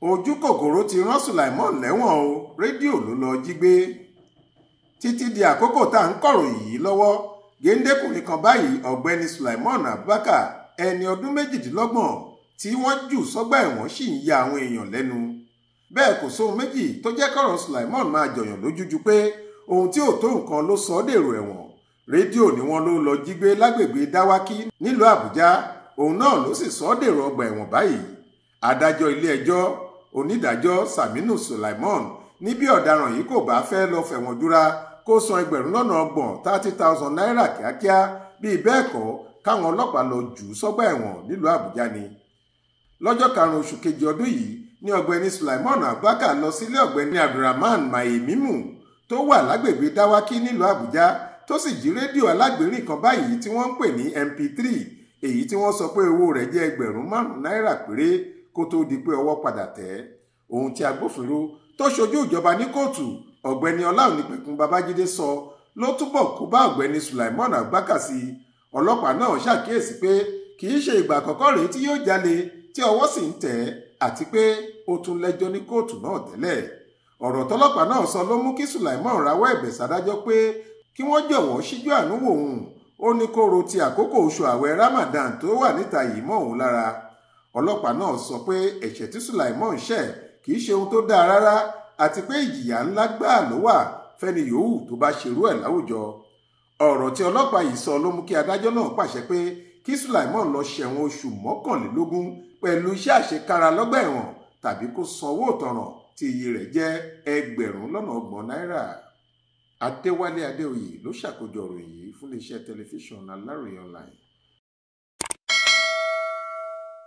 ojú kòkòrò ti rán Sulaimon lẹ́wọ̀n o rédíò ló lọ jí gbé títí di àkókò tá à ń kọ̀ròyìn yìí lọ́wọ́ géńdékùnrin kan báyìí ọ̀gbẹ́ni Sulaimon Abubakar ẹni ọdún méjìdínlọ́gbọ̀n tí wọ́n jù sọ́gbà ẹ̀wọ̀n sì ń ya àwọn èèyàn lẹ́nu bẹ́ẹ̀ kò sóhun méjì tó jẹ́ kọ́rọ̀ Sulaimon máa jọ̀yàn lójú ju pé ohun tí ò tó nǹkan ló sọ ọ́ dèrò ẹ̀wọ̀n rédíò ni wọ́n ló lọ jí gbé lágbègbè dáwákí nílùú àbújá òun náà ló sì sọ ọ́ dèrò ọgbà ẹ̀wọ̀n báyìí adájọ́ ilé ẹjọ́ onídàájọ́ saminu sulaimon ní bí ọ̀daràn yìí kò bá fẹ́ lọ fẹ̀wọ̀n jura kó san ẹgbẹ̀rún lọ́nà ọgbọ̀n thirty thousand naira kíákíá bíi bẹ́ẹ̀ kọ́ káwọn ọlọ́pàá lọ jù ú sọ́gbà ẹ̀wọ̀n nílùú àbújá ni lọ́jọ́ karùn-ún oṣù kejì ọdún yìí ni ọ̀gbẹ́ni sulaimon abubakar lọ sílé ọ̀gbẹ́ni abdulrahman mimu tó wà lágbègbè dáwákí nílùú àbújá tó sì jí rédíò alágbèrín kan báyìí tí wọ́n ń pè ní mp3 èyí tí wọ́n sọ pé owó rẹ̀ jẹ́ ẹgbẹ̀rún márùn-ún náírà péré kó tóó di pé ọwọ́ padà tẹ̀ ohun tí agbófinró tó ṣojú ìjọba ní kóòtù ọ̀gbẹ́ni ọláònípẹ̀kun babájídé sọ ló túbọ̀ kó bá ọ̀gbẹ́ni sulaimon agbáka sí i ọlọ́pàá náà ṣàkíyèsí pé kì í ṣe ìgbà àkọ́kọ́ rèé tí yóò jalè tí ọwọ́ sì ń tẹ̀ àti pé ó tún lẹ́jọ́ ní kóòtù náà tẹ́lẹ̀ ọ̀rọ̀ tọ́lọ́pàá náà sọ ló mú kí sulaimon rawọ́ ẹ̀bẹ̀ sádájọ́ pé kí wọ́n jọ̀wọ́ síjú àánú wò ó ní kó ro ti àkókò oṣù ààwẹ̀ ramadan tó wà níta yìí mọ́ òun lára ọlọ́pàá náà sọ pé ẹ̀ṣẹ̀ tí Sulaiman ṣẹ̀ kì í ṣe ohun tó dáa rárá àti pé ìjìyà ńlá gbáà ló wà fẹ́ni yòówù tó bá ṣerú ẹ̀ láwùjọ ọ̀rọ̀ tí ọlọ́pàá yìí sọ ló mú kí adájọ́ náà pàṣẹ pé kí Sulaiman lọ ṣẹ̀wọ̀n oṣù mọ́kànlélógún pẹ̀lú iṣẹ́ àṣekára lọ́gbà ẹ̀wọ̀n tàbí kó sanwó ìtanràn tí iye rẹ̀ jẹ́ ẹgbẹ̀rún lọ́nà ọgbọ̀n náírà. Adéwálé Adéoyè ló ṣàkójọ ọ̀rọ̀ fún iléeṣẹ́ tẹlifíṣàn Aláròye online.